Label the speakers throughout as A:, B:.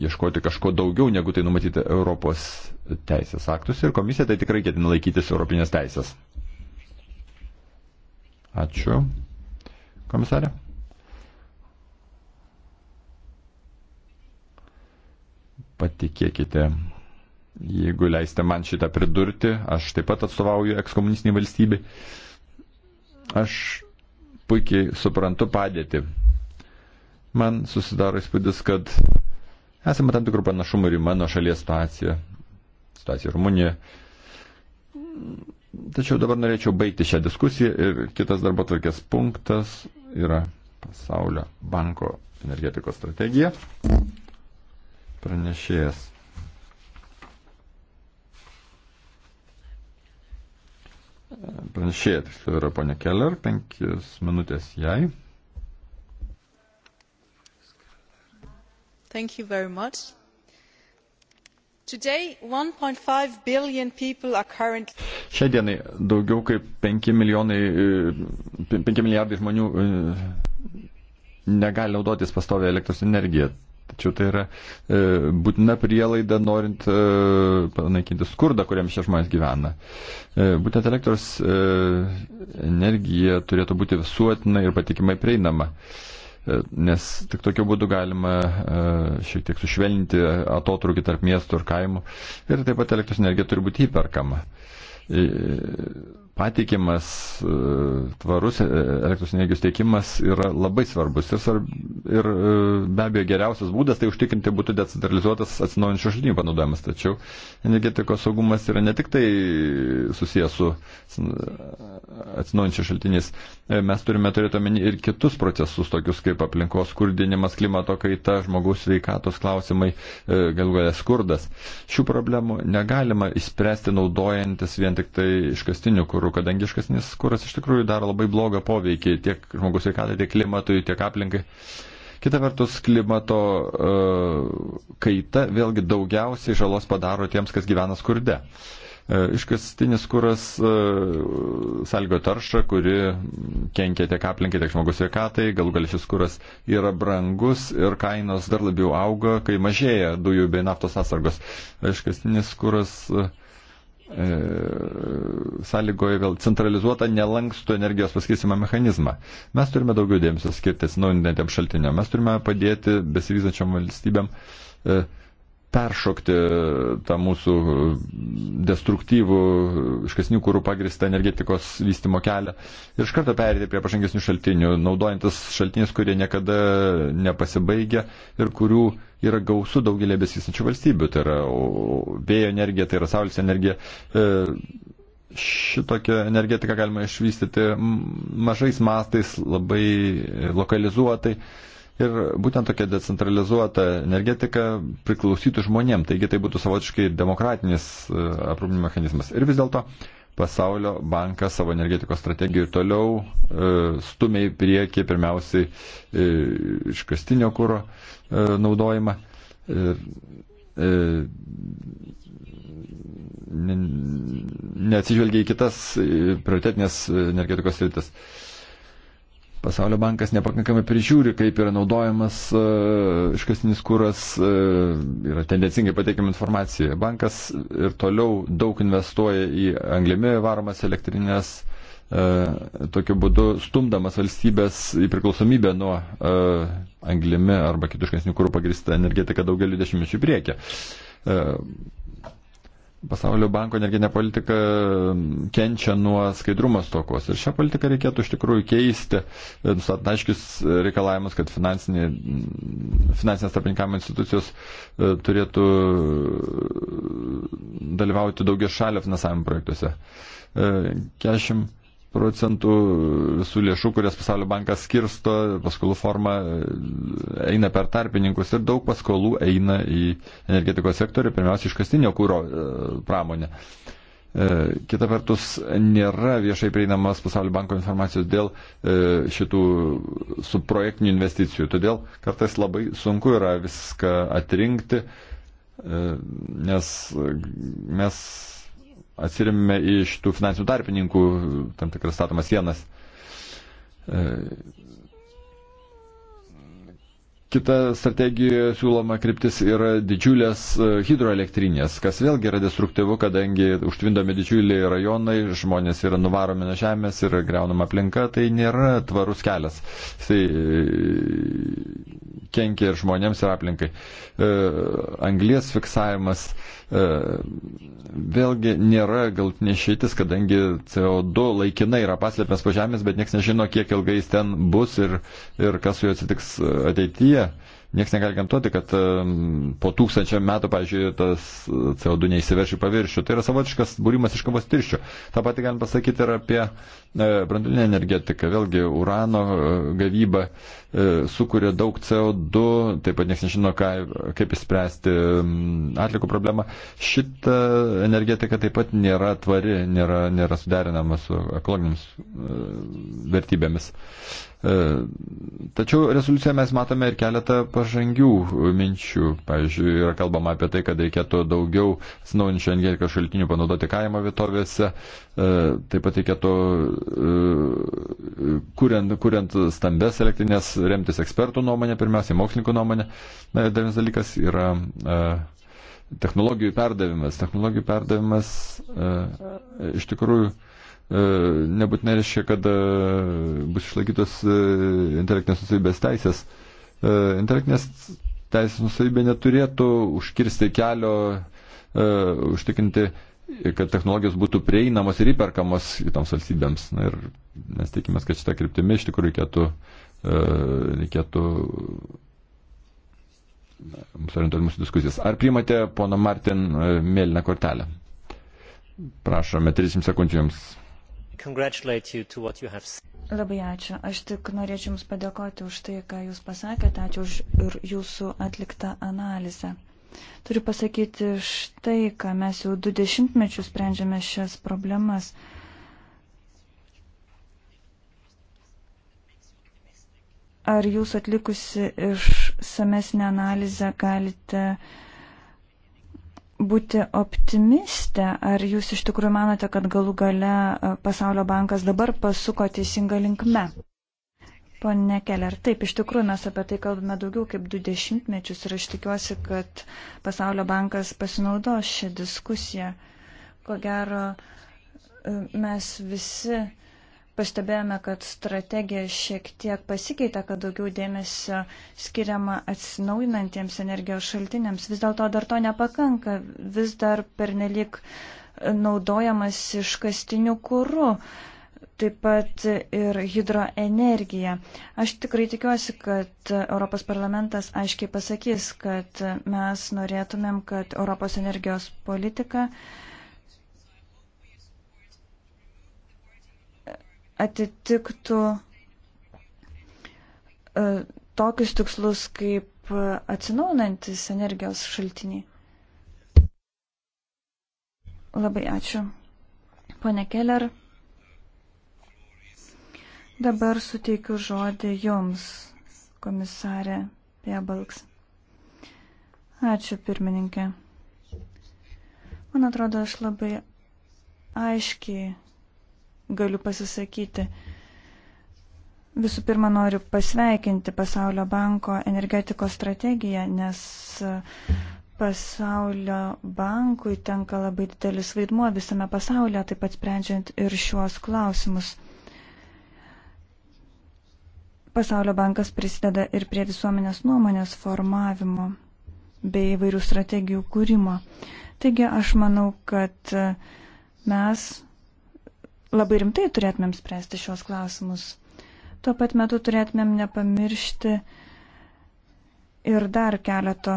A: ieškoti kažko daugiau, negu tai numatyti Europos teisės aktus ir komisija tai tikrai ketina laikytis Europinės teisės. Ačiū. Komisarė. Patikėkite, jeigu leiste man šitą pridurti, aš taip pat atstovauju ekskomunistinį valstybį. Aš puikiai suprantu padėtį, man susidaro įspūdis, kad esame tam tikrų panašumų ir į mano šalies situaciją, situaciją Rumunijoje. Tačiau dabar norėčiau baigti šią diskusiją ir kitas darbo tvarkės punktas yra pasaulio banko energetikos strategija. Pranešėjas. Pranešėjas, tai yra ponia Keller, penkias minutės jai.
B: šiandienai
A: daugiau kaip penki milijonai e, penki milijardai žmonių e, negali naudotis pastovę elektros energiją tačiau tai yra e, būtina prielaida norint panaikinti skurdą kuriam šie žmonės gyvena būtent elektros energija turėtų būti visuotinai ir patikimai prieinama E, nes tik tokiu būdu galima e, šiek tiek sušvelninti atotrukį tarp miestų ir kaimų ir taip pat elektros energija turi būti įperkama e, patikimas, e, tvarus e, elektros energijos tiekimas yra labai svarbus. Ir, svarb, ir e, be abejo geriausias būdas tai užtikrinti būtų decentralizuotas atsinaujančių šaltinių panaudojimas. Tačiau energetikos saugumas yra ne tik tai susijęs su atsinaujančiais šaltiniais. Mes turime turėti omeny ir kitus procesus, tokius kaip aplinkos skurdinimas, klimato kaita, žmogaus veikatos klausimai, galų galę skurdas. Šių problemų negalima išspręsti naudojantis vien tik tai iškastiniu kūru kurų, kadangi iškasnis kuras iš tikrųjų daro labai blogą poveikį tiek žmogus sveikatai, tiek klimatui, tiek aplinkai. Kita vertus, klimato uh, kaita vėlgi daugiausiai žalos padaro tiems, kas gyvena skurde. Uh, iškastinis kuras uh, e, salgo taršą, kuri kenkia tiek aplinkai, tiek žmogus sveikatai, galų gal šis kuras yra brangus ir kainos dar labiau auga, kai mažėja dujų bei naftos atsargos. Iškastinis kuras uh, E, sąlygoja vėl centralizuotą nelankstų energijos paskirstimą mechanizmą. Mes turime daugiau dėmesio skirti atsinaujinantiems šaltiniam, mes turime padėti besivyzančiam valstybėm e, peršokti tą mūsų destruktyvų, iškasnių kūrų pagristą energetikos vystimo kelią ir iš karto perėti prie pažangesnių šaltinių, naudojantis šaltiniais, kurie niekada nepasibaigia ir kurių yra gausu daugelį besistančių valstybių. Tai yra vėjo energija, tai yra saulės energija. E, šitokią energetiką galima išvystyti mažais mastais, labai lokalizuotai. Ir būtent tokia decentralizuota energetika priklausytų žmonėm, taigi tai būtų savotiškai demokratinis e, aprūpinimo mechanizmas. Ir vis dėlto pasaulio bankas savo energetikos strategijų toliau e, stumia į priekį pirmiausiai e, iškastinio kūro e, naudojimą. Ir, e, neatsižvelgia į kitas e, prioritetinės e, energetikos rytis. E, Pasaulio bankas nepakankamai prižiūri, kaip yra naudojamas e, iškasinis kūras, e, yra tendencingai pateikiama informacija. Bankas ir toliau daug investuoja į anglimi varomas elektrinės, e, tokiu būdu stumdamas valstybės į priklausomybę nuo anglimi arba kitų iškasinių kūrų pagrįstą energetiką daugelį dešimtmečių priekį Pasaulio banko energinė politika kenčia nuo skaidrumo stokos ir šią politiką reikėtų iš tikrųjų keisti, e, nustatant aiškius reikalavimus, kad finansinė, finansinės tarpininkavimo institucijos e, turėtų dalyvauti daugia šalia finansavimo projektuose. 40 e, procentų visų lėšų, kurias pasaulio bankas skirsto, paskolų forma e, eina per tarpininkus ir daug paskolų eina į energetikos sektorių, pirmiausia, iškastinio kūro e, pramonę. E, kita vertus, nėra viešai prieinamas pasaulio banko informacijos dėl šitų subprojektinių investicijų. Todėl kartais labai sunku yra viską atrinkti, nes mes atsirėmėme iš tų finansinių tarpininkų tam tikras statomas sienas. E, kita strategija siūloma kryptis yra didžiulės e, hidroelektrinės, kas vėlgi yra destruktyvu, kadangi užtvindomi didžiuliai rajonai, žmonės yra nuvaromi nuo žemės ir greunama aplinka, tai nėra tvarus kelias. Tai kenkia ir žmonėms, ir aplinkai. E, anglies fiksavimas e, vėlgi nėra galtinė išeitis, kadangi CO2 laikinai yra paslėpęs po žemės, bet niekas nežino, kiek ilgai jis ten bus ir, ir kas su juo atsitiks e, ateityje. E, Niekas negali gamtuoti, kad po tūkstančio metų, pavyzdžiui, tas CO2 neįsiverš į paviršių. Tai yra savotiškas būrimas iš kavos tirščių. Ta pati galim pasakyti ir apie e, brandulinę energetiką. Vėlgi, urano e, gavyba e, sukuria daug CO2, taip pat niekas nežino, ką, kaip įspręsti atlikų problemą. Šita energetika taip pat nėra tvari, nėra, nėra suderinama su ekologinėmis vertybėmis. E, tačiau rezoliucijoje mes matome ir keletą pažangių minčių. Pavyzdžiui, yra kalbama apie tai, kad reikėtų daugiau atsinaujinčių energetikos šaltinių panaudoti kaimo vietovėse. E, taip pat reikėtų, e, kuriant, kuriant stambes elektrinės, remtis ekspertų nuomonę, pirmiausiai mokslininkų nuomonę. Na ir dar vienas dalykas yra technologijų perdavimas. Technologijų perdavimas iš tikrųjų E, nebūtinai reiškia, kad e, bus išlaikytos e, intelektinės nusavybės teisės. Intelektinės teisės nusavybė neturėtų užkirsti kelio, užtikrinti kad technologijos būtų prieinamos ir įperkamos kitoms valstybėms. Na, ir mes tikimės, kad šitą kryptimį iš tikrųjų reikėtų, reikėtų mums orientuoti mūsų diskusijas. Ar priimate pono Martin mėlyną kortelę? Prašome, 30 sekundžių jums congratulate you to what you have said.
C: Labai ačiū. Aš tik norėčiau Jums padėkoti už tai, ką Jūs pasakėte, ačiū už ir Jūsų atliktą analizę. Turiu pasakyti štai, ką mes jau du dešimtmečius sprendžiame šias problemas. Ar Jūs atlikusi išsamesnę analizę galite uh, būti optimistė? Ar jūs iš tikrųjų manote, kad galų gale e, Pasaulio bankas dabar pasuko teisinga linkme? Pone Keller, taip, iš tikrųjų mes apie tai kalbame daugiau kaip du dešimtmečius ir aš tikiuosi, kad Pasaulio bankas pasinaudos šią diskusiją. Ko gero, e, mes visi Pastebėjome, kad strategija šiek tiek pasikeitė, kad daugiau dėmesio skiriama atsinaujinantiems energijos šaltiniams. Vis dėlto dar to nepakanka, vis dar pernelik naudojamas iškastiniu kūru taip pat ir hidroenergija. Aš tikrai tikiuosi, kad Europos parlamentas aiškiai pasakys, kad mes norėtumėm, kad Europos energijos politika uh, atitiktų e, tokius tikslus kaip atsinaujantis energijos šaltiniai. Labai ačiū. Pone Keller, dabar suteikiu žodį Jums, komisarė Piebalks. Ačiū, pirmininkė. Man atrodo, aš labai aiškiai galiu pasisakyti. Visų pirma, noriu pasveikinti Pasaulio banko energetikos strategiją, nes e, Pasaulio bankui tenka labai didelis vaidmuo visame pasaulyje, taip pat sprendžiant ir šiuos klausimus. Pasaulio bankas prisideda ir prie visuomenės nuomonės formavimo bei įvairių strategijų kūrimo. Taigi aš manau, kad e, mes labai rimtai turėtumėm spręsti šios klausimus. Tuo pat metu turėtumėm nepamiršti ir dar keleto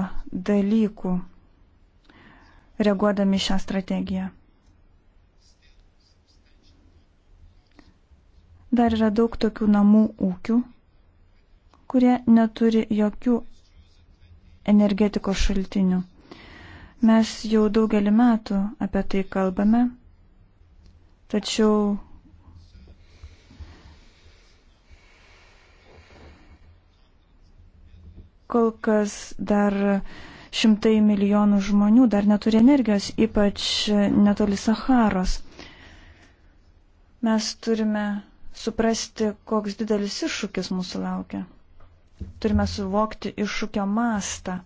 C: dalykų, reaguodami šią strategiją. Dar yra daug tokių namų ūkių, kurie neturi jokių energetikos šaltinių. Mes jau daugelį metų apie tai kalbame Tačiau kol kas dar šimtai milijonų žmonių dar neturi energijos, ypač netoli Saharos. Mes turime suprasti, koks didelis iššūkis mūsų laukia. Turime suvokti iššūkio mastą.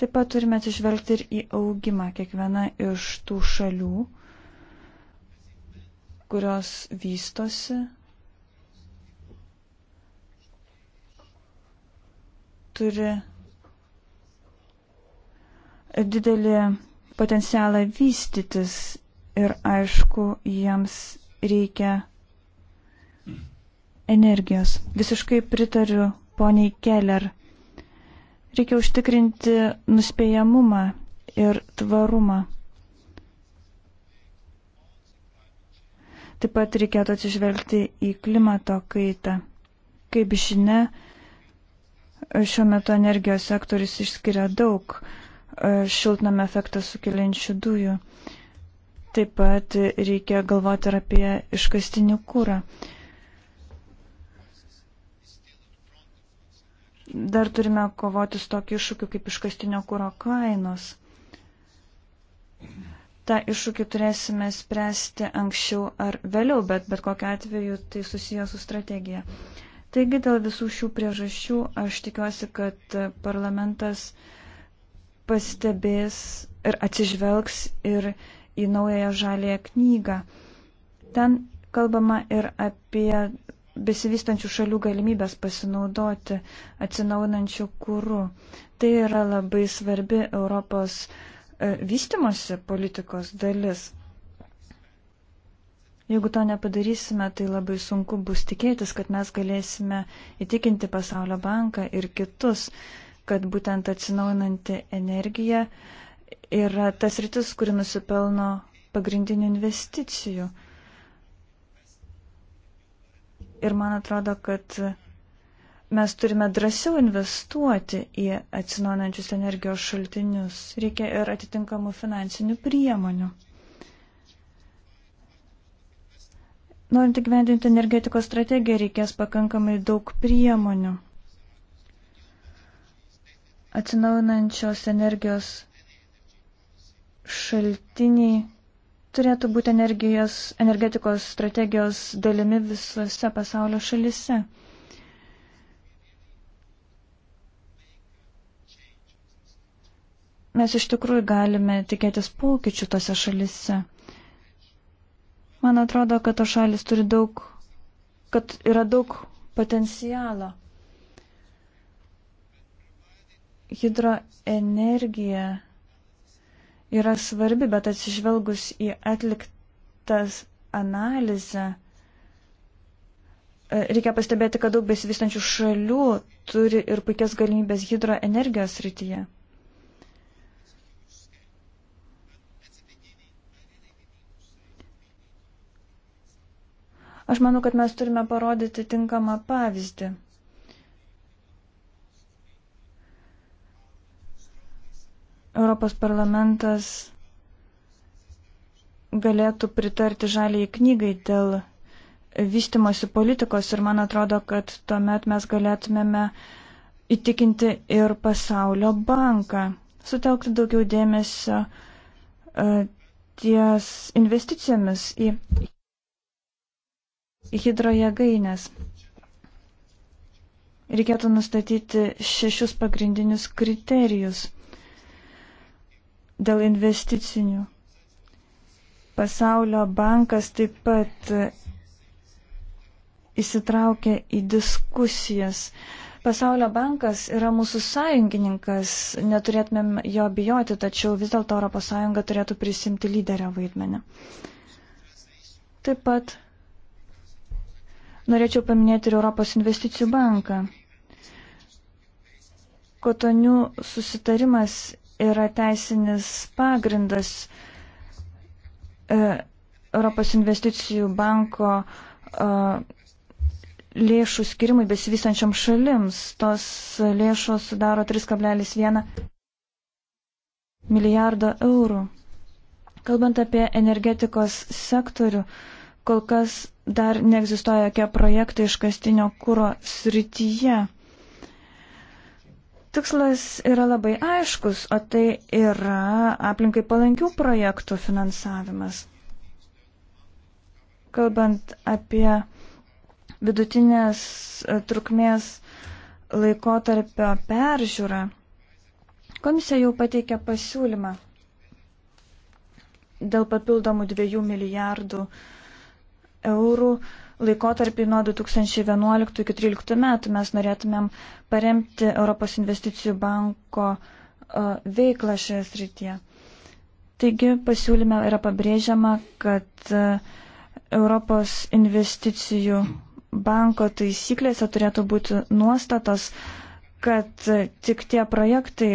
C: Taip pat turime atsižvelgti ir į augimą kiekviena iš tų šalių kurios vystosi, turi didelį potencialą vystytis ir aišku, jiems reikia energijos. Visiškai pritariu poniai Keller. Reikia užtikrinti nuspėjamumą ir tvarumą. Taip pat reikėtų atsižvelgti į klimato kaitą. Kaip žinia, šiuo metu energijos sektorius išskiria daug e, šiltnamio efektą sukeliančių dujų. Taip pat reikia galvoti ir apie iškastinį kūrą. Dar turime kovoti su tokiu iššūkiu kaip iškastinio kūro kainos tą iššūkį turėsime spręsti anksčiau ar vėliau, bet bet kokiu atveju tai susijęs su strategija. Taigi dėl visų šių priežasčių aš tikiuosi, kad parlamentas pastebės ir atsižvelgs ir į naująją žalėją knygą. Ten kalbama ir apie besivystančių šalių galimybės pasinaudoti atsinaunančių kūrų. Tai yra labai svarbi Europos uh, E, vystimosi politikos dalis. Jeigu to nepadarysime, tai labai sunku bus tikėtis, kad mes galėsime įtikinti Pasaulio banką ir kitus, kad būtent atsinaujinanti energija yra tas rytis, kuri nusipelno pagrindinių investicijų. Ir man atrodo, kad mes turime drąsiau investuoti į atsinaujančius energijos šaltinius. Reikia ir atitinkamų finansinių priemonių. Norint įgyvendinti energetikos strategiją, reikės pakankamai daug priemonių. Atsinaujinančios energijos šaltiniai turėtų būti energijos, energetikos strategijos dalimi visose pasaulio šalise. mes iš tikrųjų galime tikėtis pokyčių tose šalise. Man atrodo, kad tos šalis turi daug, kad yra daug potencialo. Hidroenergija yra svarbi, bet atsižvelgus į atliktas analizę, e, reikia pastebėti, kad daug besivystančių šalių turi ir puikias galimybės hidroenergijos rytyje. Aš manau, kad mes turime parodyti tinkamą pavyzdį. Europos parlamentas galėtų pritarti žaliai knygai dėl vystimosi politikos ir man atrodo, kad tuomet mes galėtumėme įtikinti ir pasaulio banką, sutelkti daugiau dėmesio e, ties investicijomis į hidrojegainės. Reikėtų nustatyti šešius pagrindinius kriterijus dėl investicinių. Pasaulio bankas taip pat įsitraukia į diskusijas. Pasaulio bankas yra mūsų sąjungininkas, neturėtumėm jo bijoti, tačiau vis dėlto ES turėtų prisimti lyderio vaidmenį. Taip pat Norėčiau paminėti ir Europos investicijų banką. Kotonių susitarimas yra teisinis pagrindas e, Europos investicijų banko e, lėšų skirimui besivystančiam šalims. Tos lėšos sudaro 3,1 milijardo eurų. Kalbant apie energetikos sektorių, kol kas dar neegzistuoja jokie projektai iškastinio kūro srityje. Tikslas yra labai aiškus, o tai yra aplinkai palankių projektų finansavimas. Kalbant apie vidutinės e, trukmės laikotarpio peržiūrą, komisija jau pateikė pasiūlymą dėl papildomų dviejų milijardų uh, eurų laikotarpį nuo 2011 iki 2013 metų. Mes norėtumėm paremti Europos investicijų banko veiklą šioje srityje. Taigi pasiūlyme yra pabrėžiama, kad Europos investicijų banko taisyklėse turėtų būti nuostatos, kad tik tie projektai,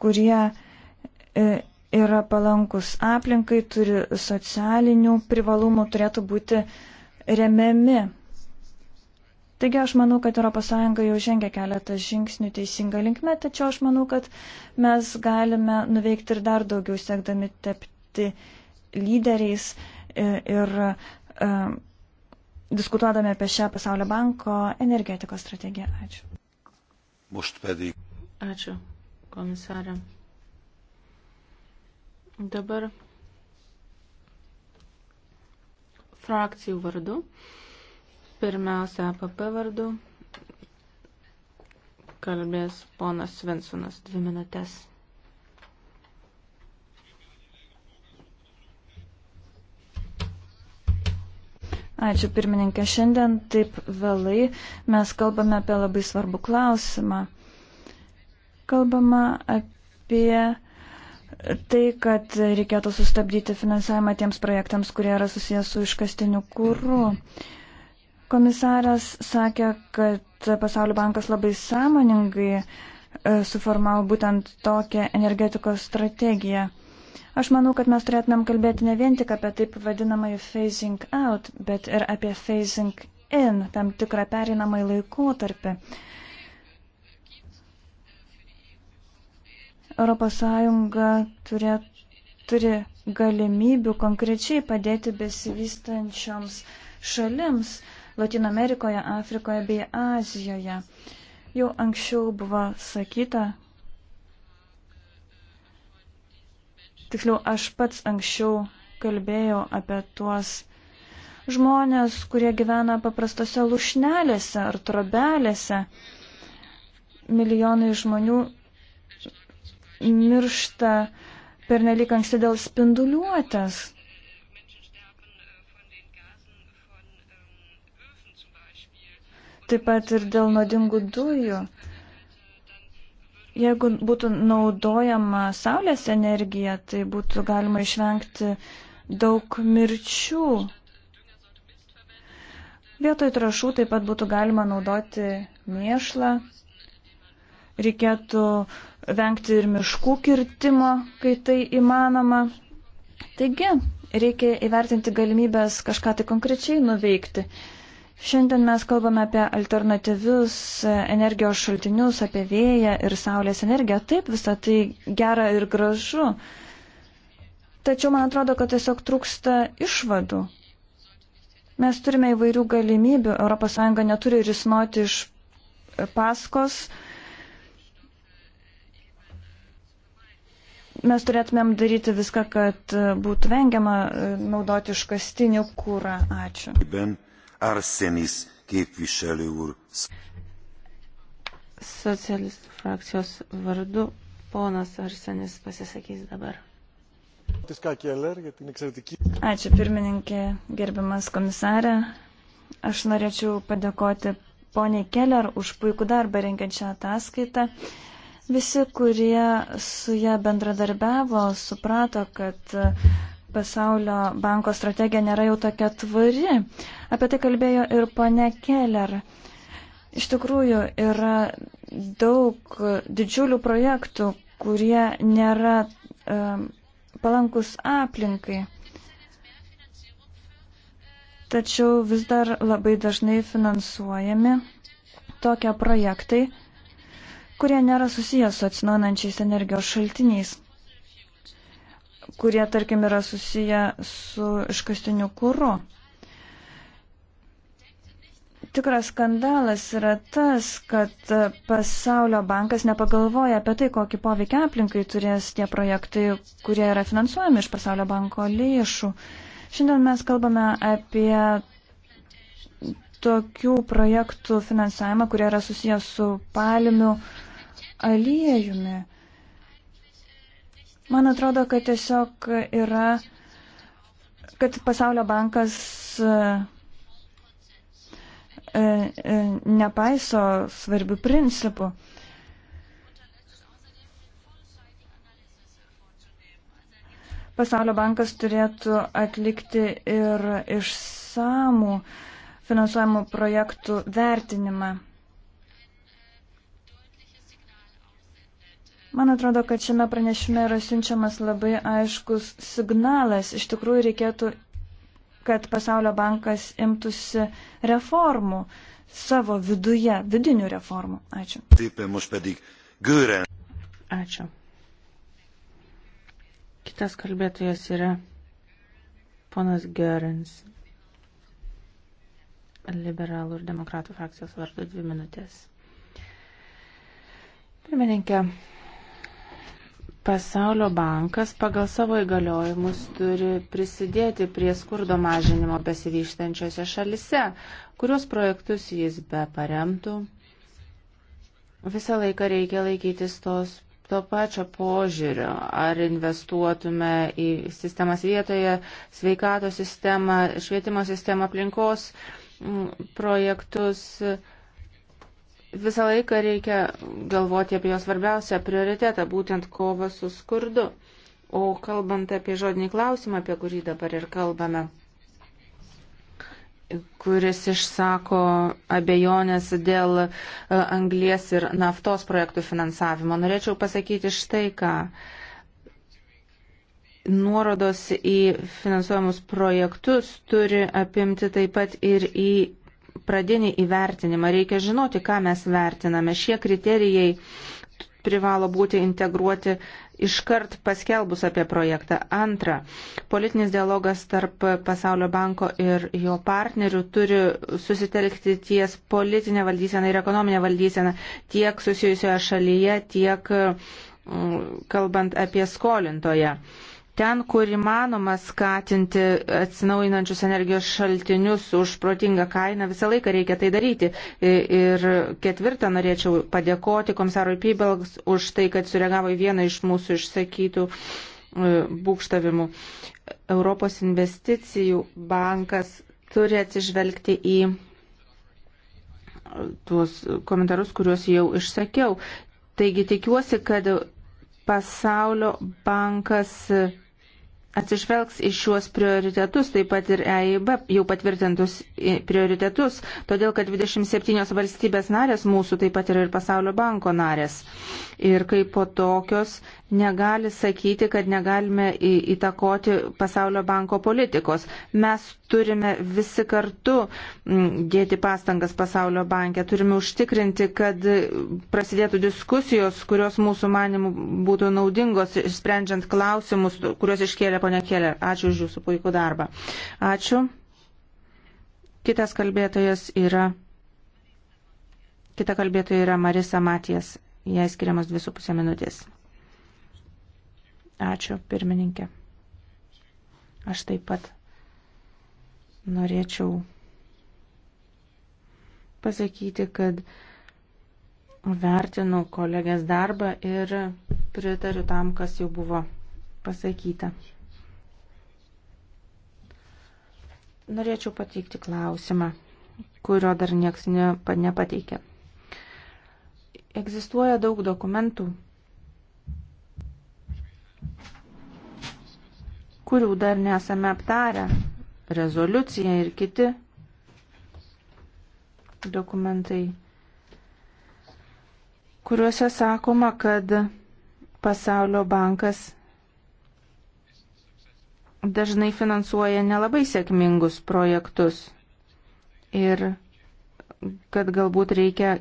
C: kurie e, yra palankus aplinkai, turi socialinių privalumų, turėtų būti uh, remiami. Taigi aš manau, kad ES jau žengia keletą žingsnių teisinga linkme, tačiau aš manau, kad mes galime nuveikti ir dar daugiau, siekdami tapti lyderiais e, ir uh, diskutuodami apie šią pasaulio banko energetikos strategiją.
D: Ačiū.
C: Ačiū, komisarė. Dabar
B: frakcijų vardu. Pirmiausia, APP vardu kalbės ponas Svensonas dvi minutės.
C: Ačiū pirmininkė. Šiandien taip vėlai mes kalbame apie labai svarbų klausimą. Kalbama apie tai, kad reikėtų sustabdyti finansavimą tiems projektams, kurie yra susijęs su iškastiniu kūru. Komisaras sakė, kad Pasaulio bankas labai sąmoningai e, suformavo būtent tokią energetikos strategiją. Aš manau, kad mes turėtumėm kalbėti ne vien tik apie taip vadinamąjį phasing out, bet ir apie phasing in, tam tikrą pereinamąjį laikotarpį. ES turė, turi galimybių konkrečiai padėti besivystančioms šalims Latino Amerikoje, Afrikoje bei Azijoje. Jau anksčiau buvo sakyta, tiksliau aš pats anksčiau kalbėjau apie tuos žmonės, kurie gyvena paprastose lušnelėse ar trobelėse. Milijonai žmonių miršta per nelik anksti dėl spinduliuotės. Taip pat ir dėl nuodingų dujų. Jeigu būtų naudojama saulės energija, tai būtų galima išvengti daug mirčių. Vietoj trašų taip pat būtų galima naudoti mėšlą. Reikėtų vengti ir miškų kirtimo, kai tai įmanoma. Taigi, reikia įvertinti galimybės kažką tai konkrečiai nuveikti. Šiandien mes kalbame apie alternatyvius energijos šaltinius, apie vėją ir saulės energiją. Taip, visą tai gera ir gražu. Tačiau man atrodo, kad tiesiog trūksta išvadų. Mes turime įvairių galimybių, ES neturi risnoti iš paskos, uh, mes turėtumėm daryti viską, kad e, būtų vengiama e, naudoti iškastinį kūrą. Ačiū.
D: Arsenis képviselő úr.
C: Socialistų frakcijos vardu ponas Arsenis pasisakys dabar.
A: Ačiū
C: pirmininkė, gerbiamas komisarė. Aš norėčiau padėkoti poniai Keller už puikų darbą rengiant šią ataskaitą. Uh, Visi, kurie su ją bendradarbiavo, suprato, kad pasaulio banko strategija nėra jau tokia tvari. Apie tai kalbėjo ir pane Keller. Iš tikrųjų yra daug didžiulių projektų, kurie nėra um, palankus aplinkai. Tačiau vis dar labai dažnai finansuojami tokie projektai, kurie nėra susijęs su atsinaujančiais energijos šaltiniais, kurie, tarkim, yra susiję su iškastiniu kūru. Tikras skandalas yra tas, kad pasaulio bankas nepagalvoja apie tai, kokį poveikį aplinkai turės tie projektai, kurie yra finansuojami iš pasaulio banko lėšų. Šiandien mes kalbame apie tokių projektų finansavimą, kurie yra susijęs su palimių uh, aliejumi. Man atrodo, kad tiesiog yra, kad pasaulio bankas e, e, nepaiso svarbių principų. Pasaulio bankas turėtų atlikti ir išsamų finansuojamų projektų vertinimą. Man atrodo, kad šiame pranešime yra siunčiamas labai aiškus signalas. Iš tikrųjų reikėtų, kad Pasaulio bankas imtųsi reformų savo viduje, vidinių reformų. Ačiū. Ačiū. Kitas kalbėtojas yra
B: ponas Gerins, liberalų ir demokratų frakcijos vardu dvi minutės. Pirmininkė, Pasaulio bankas pagal savo įgaliojimus turi prisidėti prie skurdo mažinimo besivyštančiose šalise, kurios projektus jis be paremtų. Visą laiką reikia laikytis tos, to pačio požiūrio, ar investuotume į sistemas vietoje, sveikato sistemą, švietimo sistemą, aplinkos mm, projektus. M, Visą laiką reikia galvoti apie jo svarbiausią prioritetą, būtent kovą su skurdu. O kalbant apie žodinį klausimą, apie kurį dabar ir kalbame, kuris išsako abejonės dėl e, anglies ir naftos projektų finansavimo, norėčiau pasakyti štai ką. Nuorodos į finansuojamus projektus turi apimti taip pat ir į pradinį įvertinimą. Reikia žinoti, ką mes vertiname. Šie kriterijai privalo būti integruoti iškart paskelbus apie projektą. Antra, politinis dialogas tarp Pasaulio banko ir jo partnerių turi susitelkti ties politinė valdysena ir ekonominė valdysena tiek susijusioje šalyje, tiek mm, kalbant apie skolintoje ten, kur įmanoma skatinti atsinaujinančius energijos šaltinius už protingą kainą, visą laiką reikia tai daryti. Ir ketvirtą norėčiau padėkoti komisarui Pybelgs už tai, kad sureagavo į vieną iš mūsų išsakytų e, būkštavimų. Europos investicijų bankas turi atsižvelgti į tuos komentarus, kuriuos jau išsakiau. Taigi tikiuosi, kad Pasaulio bankas atsižvelgs į šiuos prioritetus, taip pat ir EIB jau patvirtintus prioritetus, todėl kad 27 valstybės narės mūsų taip pat yra ir Pasaulio banko narės. Ir kaip po tokios negali sakyti, kad negalime įtakoti Pasaulio banko politikos. Mes turime visi kartu mm, dėti pastangas Pasaulio banke, turime užtikrinti, kad prasidėtų diskusijos, kurios mūsų manimų būtų naudingos, sprendžiant klausimus, kuriuos iškėlė ponia Keller. Ačiū už jūsų puikų darbą. Ačiū. Kitas kalbėtojas yra. Kita kalbėtoja yra Marisa Matijas. Jai skiriamas 2,5 minutės. Ačiū, pirmininkė. Aš taip pat norėčiau pasakyti, kad vertinu kolegės darbą ir pritariu tam, kas jau buvo pasakyta. Norėčiau pateikti klausimą, kurio dar nieks nepateikė. Egzistuoja daug dokumentų, kurių dar nesame aptarę. Rezoliucija ir kiti dokumentai, kuriuose sakoma, kad Pasaulio bankas dažnai finansuoja nelabai sėkmingus projektus ir kad galbūt reikia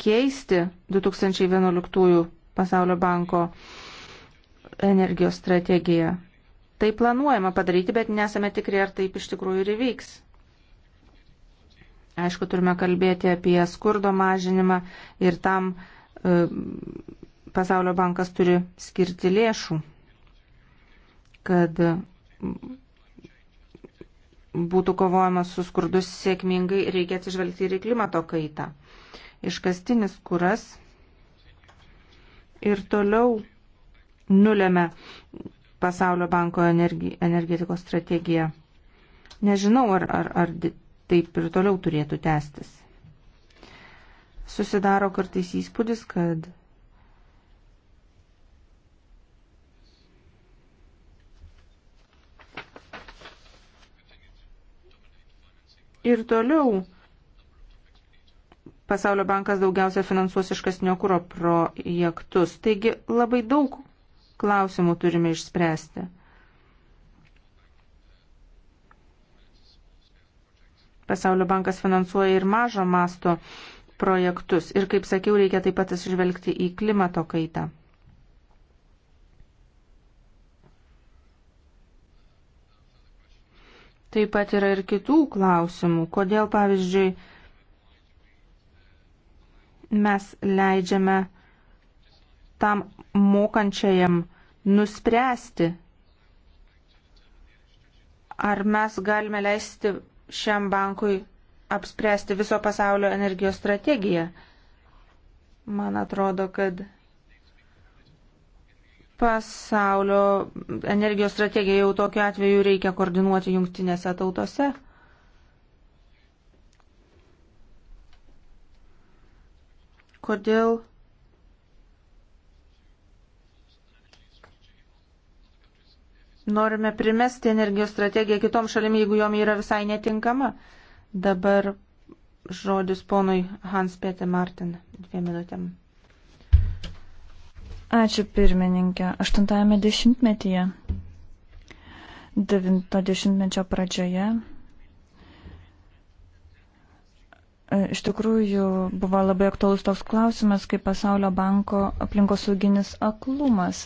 B: keisti 2011 pasaulio banko energijos strategiją. Tai planuojama padaryti, bet nesame tikri, ar taip iš tikrųjų ir įvyks. Aišku, turime kalbėti apie skurdo mažinimą ir tam e, pasaulio bankas turi skirti lėšų, kad būtų kovojama su skurdus sėkmingai, reikia atsižvelgti ir į klimato kaitą. Iškastinis kuras ir toliau nulėmė Pasaulio banko energi, energetikos strategiją. Nežinau, ar, ar, ar taip ir toliau turėtų tęstis. Susidaro kartais įspūdis, kad Ir toliau Pasaulio bankas daugiausia finansuos iškasnio kūro projektus. Taigi labai daug klausimų turime išspręsti. Pasaulio bankas finansuoja ir mažo masto projektus. Ir kaip sakiau, reikia taip pat atsižvelgti į klimato kaitą. Taip pat yra ir kitų klausimų. Kodėl, pavyzdžiui, mes leidžiame tam mokančiajam nuspręsti, ar mes galime leisti šiam bankui apspręsti viso pasaulio energijos strategiją. Man atrodo, kad pasaulio energijos strategiją jau tokiu atveju reikia koordinuoti jungtinėse tautose? Kodėl norime primesti energijos strategiją kitom šalim, jeigu jom yra visai netinkama? Dabar žodis ponui Hans Pete Martin dviem minutėm.
C: Ačiū pirmininkė. Aštuntajame dešimtmetyje, devinto dešimtmečio pradžioje, e, iš tikrųjų buvo labai aktualus toks klausimas, kaip pasaulio banko aplinkosauginis aklumas.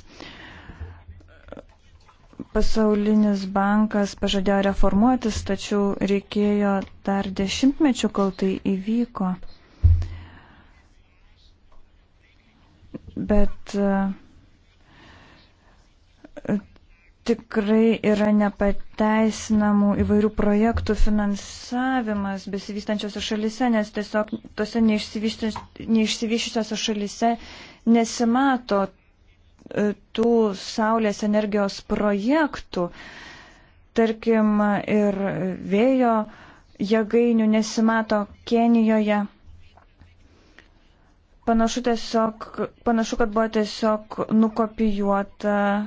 C: Pasaulinis bankas pažadėjo reformuotis, tačiau reikėjo dar dešimtmečių, kol tai įvyko. bet e, tikrai yra nepateisinamų įvairių projektų finansavimas besivystančiose šalise, nes tiesiog tose neišsivyščiusiose šalise nesimato e, tų saulės energijos projektų, tarkim, ir vėjo jėgainių nesimato Kenijoje. Panašu, tiesiog, panašu, kad buvo tiesiog nukopijuota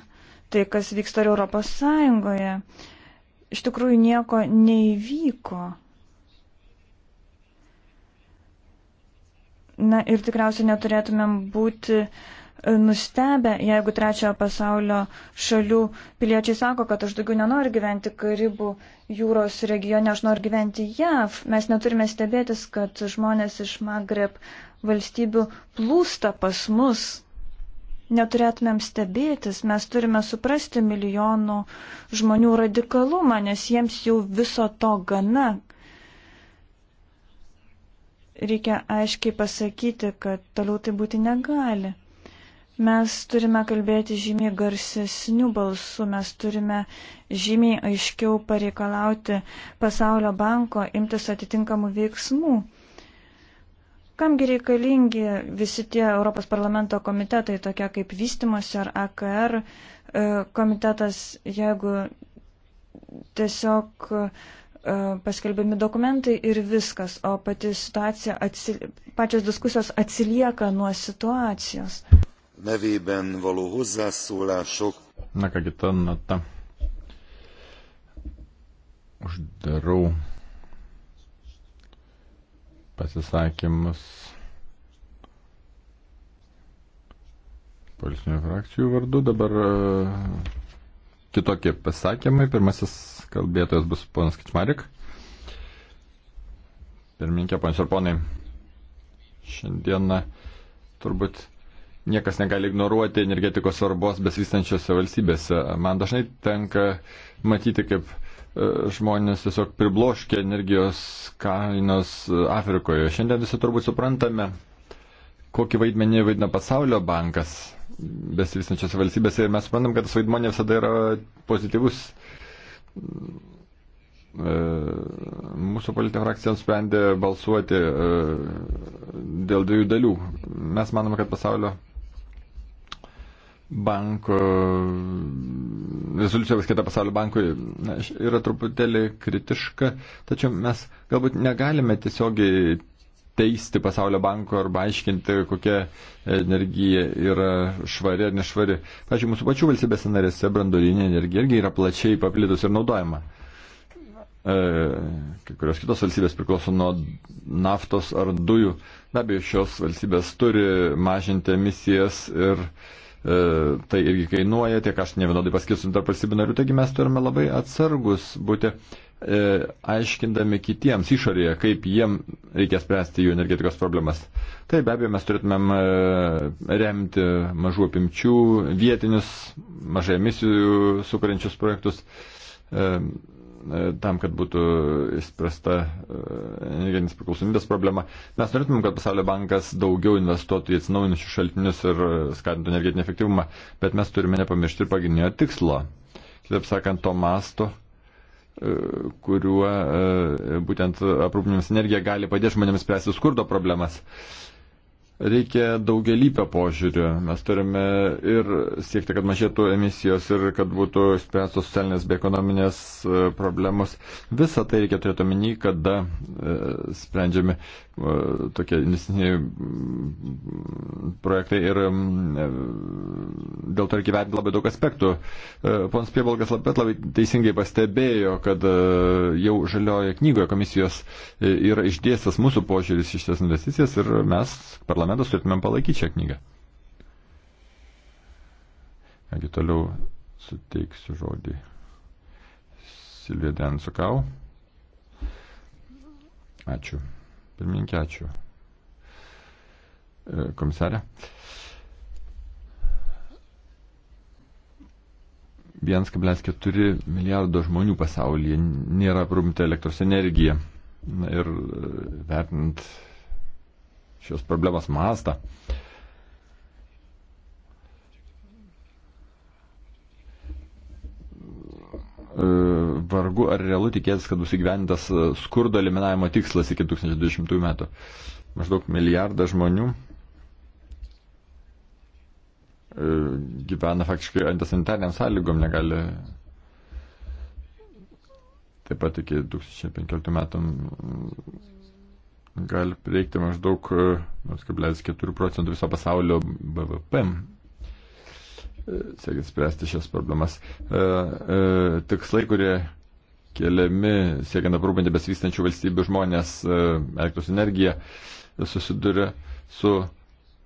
C: tai, kas vyksta ir Europos Sąjungoje. Iš tikrųjų nieko neįvyko. Na ir tikriausiai neturėtumėm būti e, nustebę, jeigu trečiojo pasaulio šalių piliečiai sako, kad aš daugiau nenoriu gyventi Karibų jūros regione, aš noriu gyventi JAV. Mes neturime stebėtis, kad žmonės iš Magreb valstybių plūsta pas mus. Neturėtumėm stebėtis, mes turime suprasti milijonų žmonių radikalumą, nes jiems jau viso to gana. Reikia aiškiai pasakyti, kad toliau tai būti negali. Mes turime kalbėti žymiai garsesnių balsų, mes turime žymiai aiškiau pareikalauti Pasaulio banko imtis atitinkamų veiksmų. Kamgi reikalingi visi tie Europos parlamento komitetai, tokie kaip vystimosi ar AKR e, komitetas, jeigu tiesiog e, paskelbiami dokumentai ir viskas, o pati situacija, atsil... pačios diskusijos atsilieka nuo situacijos.
D: Nevében való hozzászólások.
A: Na kągi, ta nata. Uždarau pasisakymus politinių frakcijų vardu. Dabar e, kitokie pasakymai. Pirmasis kalbėtojas bus ponas Kičmarik. Pirmininkė, ponas ir ponai, šiandieną turbūt niekas negali ignoruoti energetikos svarbos besivystančiose valstybėse. Man dažnai tenka matyti, kaip žmonės tiesiog pribloškė energijos kainos Afrikoje. Šiandien visi turbūt suprantame, kokį vaidmenį vaidina pasaulio bankas besivystančiose valstybėse ir mes suprantam, kad tas vaidmonė visada yra pozityvus. E, mūsų politinė frakcija nusprendė balsuoti e, dėl dviejų dalių. Mes manome, kad pasaulio banko, rezoliucijos kita pasaulio bankui na, yra truputėlį kritiška, tačiau mes galbūt negalime tiesiogiai teisti pasaulio banko arba aiškinti, kokia energija yra švari ar nešvari. Pavyzdžiui, mūsų pačių valstybės narėse brandolinė energija irgi yra plačiai paplitus ir naudojama. E, kai kurios kitos valstybės priklauso nuo naftos ar dujų. Be abejo, šios valstybės turi mažinti emisijas ir uh, E, tai irgi kainuoja, tie kaštai nevienodai paskirstomi tarp valstybių narių, taigi mes turime labai atsargus būti e, aiškindami kitiems išorėje, kaip jiem reikia spręsti jų energetikos problemas. Tai be abejo mes turėtumėm e, remti mažų apimčių, vietinius, mažai emisijų sukuriančius projektus. E, tam, kad būtų išspręsta e, energetinės priklausomybės problema. Mes norėtumėm, kad pasaulio bankas daugiau investuotų į atsinaujinančius šaltinius ir e, skatintų energetinį efektyvumą, bet mes turime nepamiršti ir pagrindinio tikslo. Kitaip sakant, to masto, kuriuo būtent aprūpinimas energija gali padėti žmonėms spręsti skurdo problemas reikia daugelįpę požiūrių. Mes turime ir siekti, kad mažėtų emisijos ir kad būtų spręstos socialinės bei ekonominės e, problemos. Visą tai reikia turėti omeny, kada e, sprendžiami E, tokie nesiniai projektai ir e, dėl to reikia vertinti labai daug aspektų. E, Pons Piebalgas labai, labai teisingai pastebėjo, kad jau žalioje knygoje komisijos yra išdėstas mūsų požiūris iš šias investicijas ir mes, parlamentas, turėtumėm palaikyti šią knygą. Kągi toliau suteiksiu žodį Silvija Densukau. Ačiū. Pirmininkė, ačiū. E, komisarė. Vienas kablelis keturi milijardo žmonių pasaulyje nėra aprūpinta elektros energija. Ir e, vertinant šios problemos mastą, uh, vargu ar realu tikėtis, kad bus įgyvendintas e, skurdo eliminavimo tikslas iki 2020 metų. Maždaug milijardas žmonių e, gyvena faktiškai antisanitariniam sąlygom, negali taip pat iki 2015 metų gali prireikti maždaug 0,4 e, procentų viso pasaulio BVP siekiant spręsti šias problemas. Tikslai, kurie keliami, siekiant aprūpinti besvystančių valstybių žmonės e, elektros energiją, susiduria su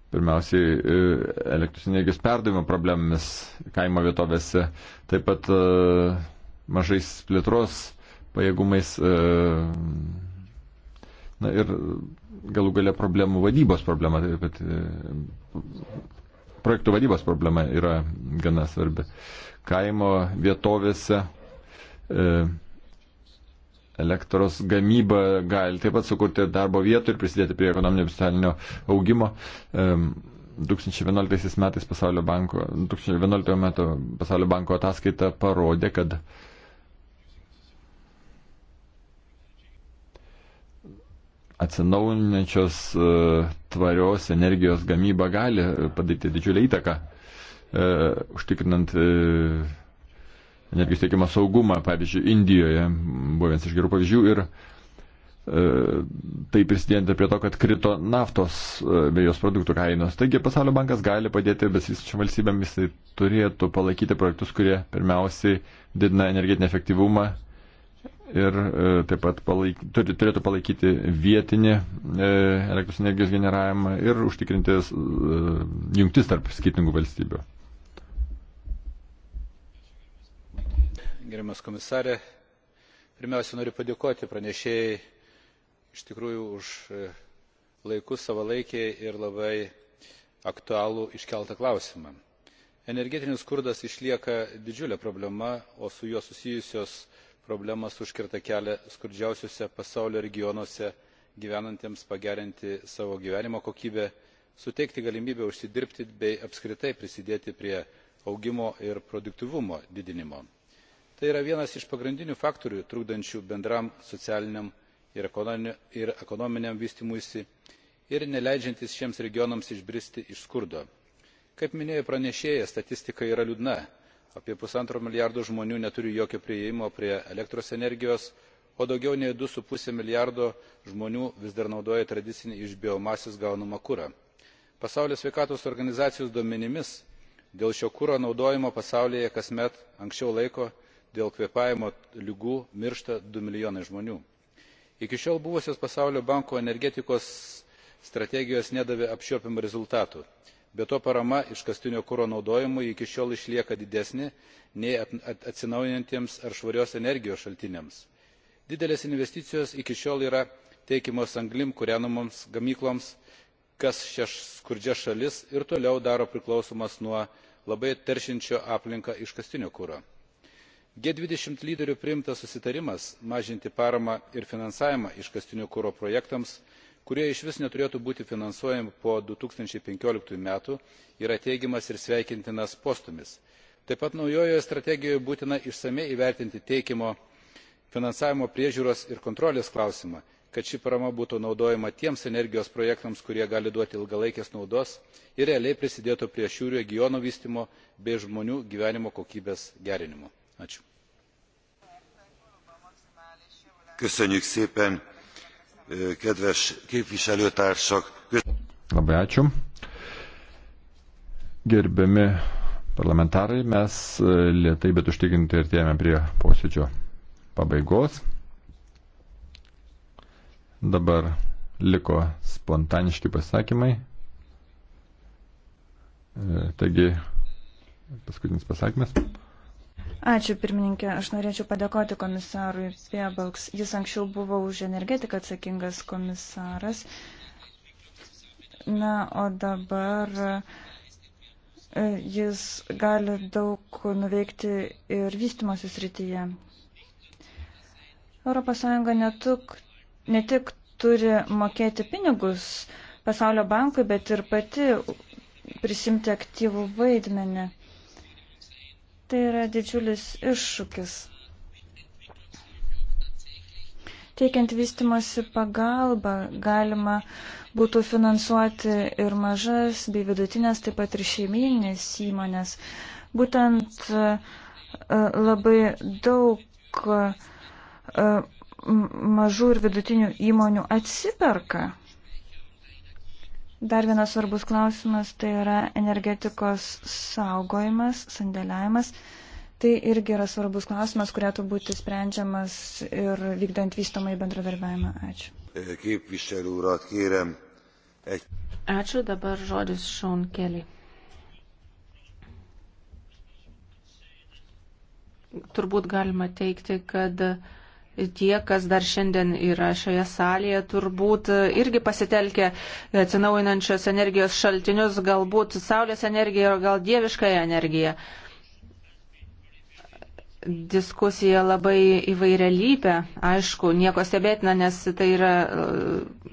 A: pirmiausiai e, elektros energijos perdavimo problemomis kaimo vietovėse, taip pat e, mažais plėtros pajėgumais na, ir galų galia problemų vadybos problema, taip pat projektų vadybos problema yra gana svarbi. Kaimo vietovėse e, elektros gamyba gali taip pat sukurti darbo vietų ir prisidėti prie ekonominio ir socialinio augimo. 2011 metais pasaulio banko, 2011 metų pasaulio banko ataskaita parodė, kad atsinaujinančios e, tvarios energijos gamyba gali padaryti didžiulį įtaką, e, užtikrinant e, energijos tiekimo saugumą. Pavyzdžiui, Indijoje buvo vienas iš gerų pavyzdžių ir e, tai prisidėjant prie to, kad krito naftos e, bei jos produktų kainos. Taigi pasaulio bankas gali padėti besivystančiam valstybėm, jisai turėtų palaikyti projektus, kurie pirmiausiai didina energetinį efektyvumą ir e, taip pat palaik, turi, turėtų palaikyti vietinį e, elektros energijos generavimą ir užtikrinti e, jungtis tarp skirtingų valstybių.
E: gerbiamas komisare pirmiausia noriu padėkoti pranešėjai iš tikrųjų už e, laiku savalaikį ir labai aktualų iškeltą klausimą. energetinis skurdas išlieka didžiulė problema o su juo susijusios problemos užkerta kelią skurdžiausiuose pasaulio regionuose gyvenantiems pagerinti savo gyvenimo kokybę suteikti galimybę užsidirbti bei apskritai prisidėti prie augimo ir produktyvumo didinimo tai yra vienas iš pagrindinių faktorių trukdančių bendram socialiniam ir ekonominiam vystymuisi ir neleidžiantis šiems regionams išbristi iš skurdo. kaip minėjo pranešėja statistika yra liūdna apie pusantro milijardo žmonių neturi jokio prieigimo prie elektros energijos o daugiau nei du su puse milijardo žmonių vis dar naudoja tradicinį iš biomasės gaunamą kurą. pasaulio sveikatos organizacijos duomenimis dėl šio kuro naudojimo pasaulyje kasmet anksčiau laiko dėl kvėpavimo ligų miršta du milijonai žmonių. iki šiol buvusios pasaulio banko energetikos strategijos nedavė apčiuopiamų rezultatų be to parama iškastinio kuro naudojimui iki šiol išlieka didesnė nei atsinaujinantiems ar švarios energijos šaltiniams. didelės investicijos iki šiol yra teikiamos anglimi kūrenomoms gamykloms kas šias skurdžias šalis ir toliau daro priklausomas nuo labai teršiančio aplinką iškastinio kuro g dvidešimt lyderių priimtas susitarimas mažinti paramą ir finansavimą iškastinio kuro projektams kurie išvis neturėtų būti finansuojami po du tūkstančiai penkiolika metų yra teigiamas ir sveikintinas postūmis. taip pat naujojoje strategijoje būtina išsamiai įvertinti teikiamo finansavimo priežiūros ir kontrolės klausimą kad ši parama būtų naudojama tiems energijos projektams kurie gali duoti ilgalaikės naudos ir realiai prisidėtų prie šių regionų vystymo bei žmonių gyvenimo kokybės gerinimo. ačiū.
D: Köszönjük szépen, kedves képviselőtársak!
A: Labai ačiū. Gerbiami parlamentarai, mes e, lietai, bet užtikrinti artėjame prie posėdžio pabaigos. Dabar liko spontaniški pasakymai. E, taigi, paskutinis pasakymas.
C: Ačiū, pirmininkė. Aš norėčiau padėkoti komisarui Piebalks. Jis anksčiau buvo už energetiką atsakingas komisaras. Na, o dabar e, jis gali daug nuveikti ir vystimosi srityje. ES netuk, ne tik turi mokėti pinigus pasaulio bankui, bet ir pati prisimti aktyvų vaidmenį. Tai yra didžiulis iššūkis. Teikiant vystimosi pagalbą galima būtų finansuoti ir mažas, bei vidutinės, taip pat ir šeiminės įmonės. Būtent e, labai daug e, mažų ir vidutinių įmonių atsiperka Dar vienas svarbus klausimas tai yra energetikos saugojimas, sandėliavimas. Tai irgi yra svarbus klausimas, kurėtų būti sprendžiamas ir vykdant vystomai bendradarbiavimą. Ačiū.
D: Kaip višelių urat kėrėm.
C: Ačiū dabar žodis Šaun Keli.
B: Turbūt galima teikti, kad uh, tie, kas dar šiandien yra šioje salėje, turbūt irgi pasitelkia atsinaujinančios energijos šaltinius, galbūt saulės energiją, gal dieviškąją energiją. Diskusija labai įvairialypė, aišku, nieko stebėtina, nes tai yra uh,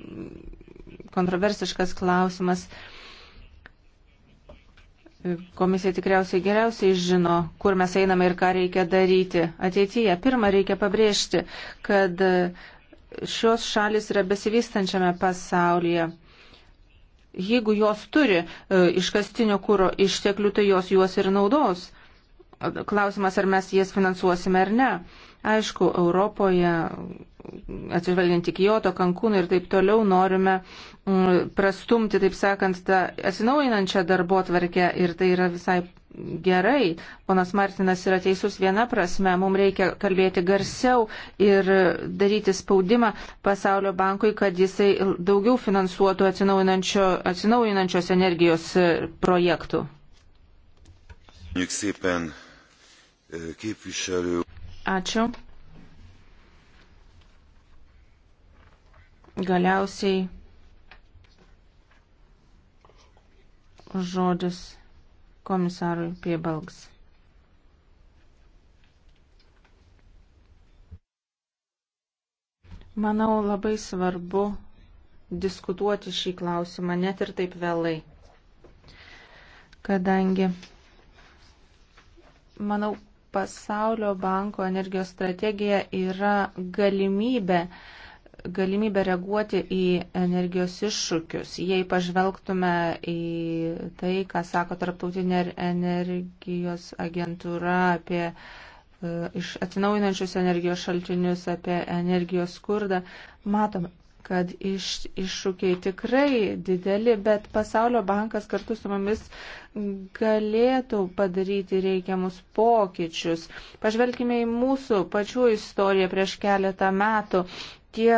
B: kontroversiškas klausimas. Uh, Komisija tikriausiai geriausiai žino, kur mes einame ir ką reikia daryti ateityje. Pirmą reikia pabrėžti, kad šios šalis yra besivystančiame pasaulyje. Jeigu jos turi e, iškastinio kūro išteklių, tai jos juos ir naudos. Klausimas, ar mes jas finansuosime ar ne. Aišku, Europoje, atsižvelgiant į Kyoto, Kankūną ir taip toliau, norime mm, prastumti, taip sakant, tą atsinaujinančią darbo tvarkę ir tai yra visai gerai. Ponas Martinas yra teisus viena prasme, mums reikia kalbėti garsiau ir daryti spaudimą pasaulio bankui, kad jisai daugiau finansuotų atsinaujinančio, atsinaujinančios energijos e, projektų.
D: Köszönjük szépen e, képviselő
B: Ačiū. Galiausiai žodis komisarui Piebalgs. Manau, labai svarbu diskutuoti šį klausimą, net ir taip vėlai. Kadangi, manau, Pasaulio banko energijos strategija yra galimybė, galimybė reaguoti į energijos iššūkius. Jei pažvelgtume į tai, ką sako Tarptautinė energijos agentūra apie e, iš atsinaujinančius energijos šaltinius, apie energijos skurdą, matome, kad iš, iššūkiai tikrai dideli, bet Pasaulio bankas kartu su mumis galėtų padaryti reikiamus pokyčius. Pažvelkime į mūsų pačių istoriją prieš keletą metų. Tie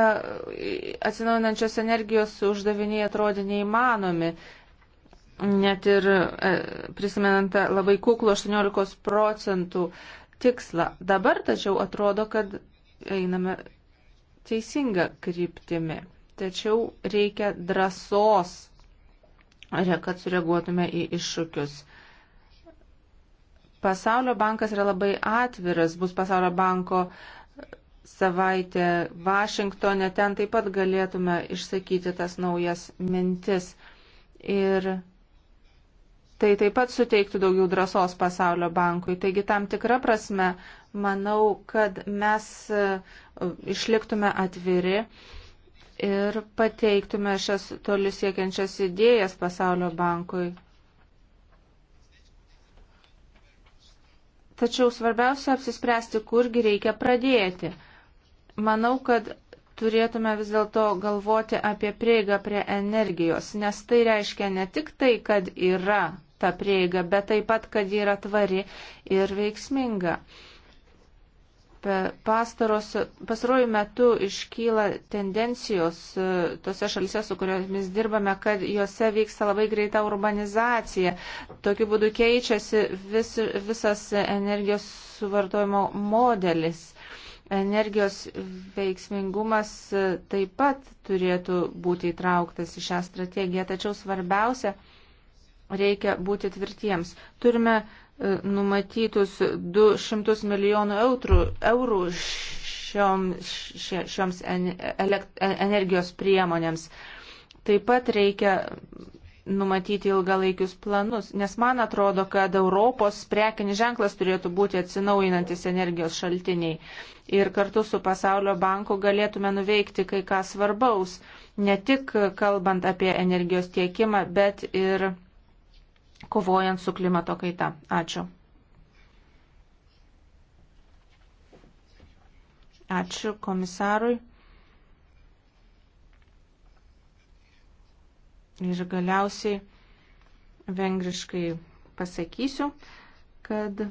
B: atsinaujinančios energijos uždaviniai atrodė neįmanomi. Net ir e, prisimenant labai kuklų 18 procentų tikslą. Dabar tačiau atrodo, kad einame teisinga kryptimi. Tačiau reikia drąsos, kad sureaguotume į iššūkius. Pasaulio bankas yra labai atviras, bus pasaulio banko savaitė Vašingtonė, ten taip pat galėtume išsakyti tas naujas mintis. Ir tai taip pat suteiktų daugiau drąsos pasaulio bankui. Taigi tam tikrą prasme, manau, kad mes išliktume atviri ir pateiktume šias toli siekiančias idėjas pasaulio bankui. Tačiau svarbiausia apsispręsti, kurgi reikia pradėti. Manau, kad turėtume vis dėlto galvoti apie prieigą prie energijos, nes tai reiškia ne tik tai, kad yra ta prieiga, bet taip pat, kad ji yra tvari ir veiksminga pastaros, pastaruoju metu iškyla tendencijos e, tose šalise, su kuriomis dirbame, kad juose vyksta labai greita urbanizacija. Tokiu būdu keičiasi vis, visas energijos suvartojimo modelis. Energijos veiksmingumas e, taip pat turėtų būti įtrauktas į šią strategiją, tačiau svarbiausia, reikia būti tvirtiems. Turime uh, numatytus 200 milijonų eurų, eurų šioms, šioms energijos priemonėms. Taip pat reikia numatyti ilgalaikius planus, nes man atrodo, kad Europos prekinis ženklas turėtų būti atsinaujinantis energijos šaltiniai. Ir kartu su Pasaulio banku galėtume nuveikti kai ką svarbaus, ne tik kalbant apie energijos tiekimą, bet ir kovojant su klimato kaita. Ačiū. Ačiū komisarui. Ir galiausiai vengriškai pasakysiu, kad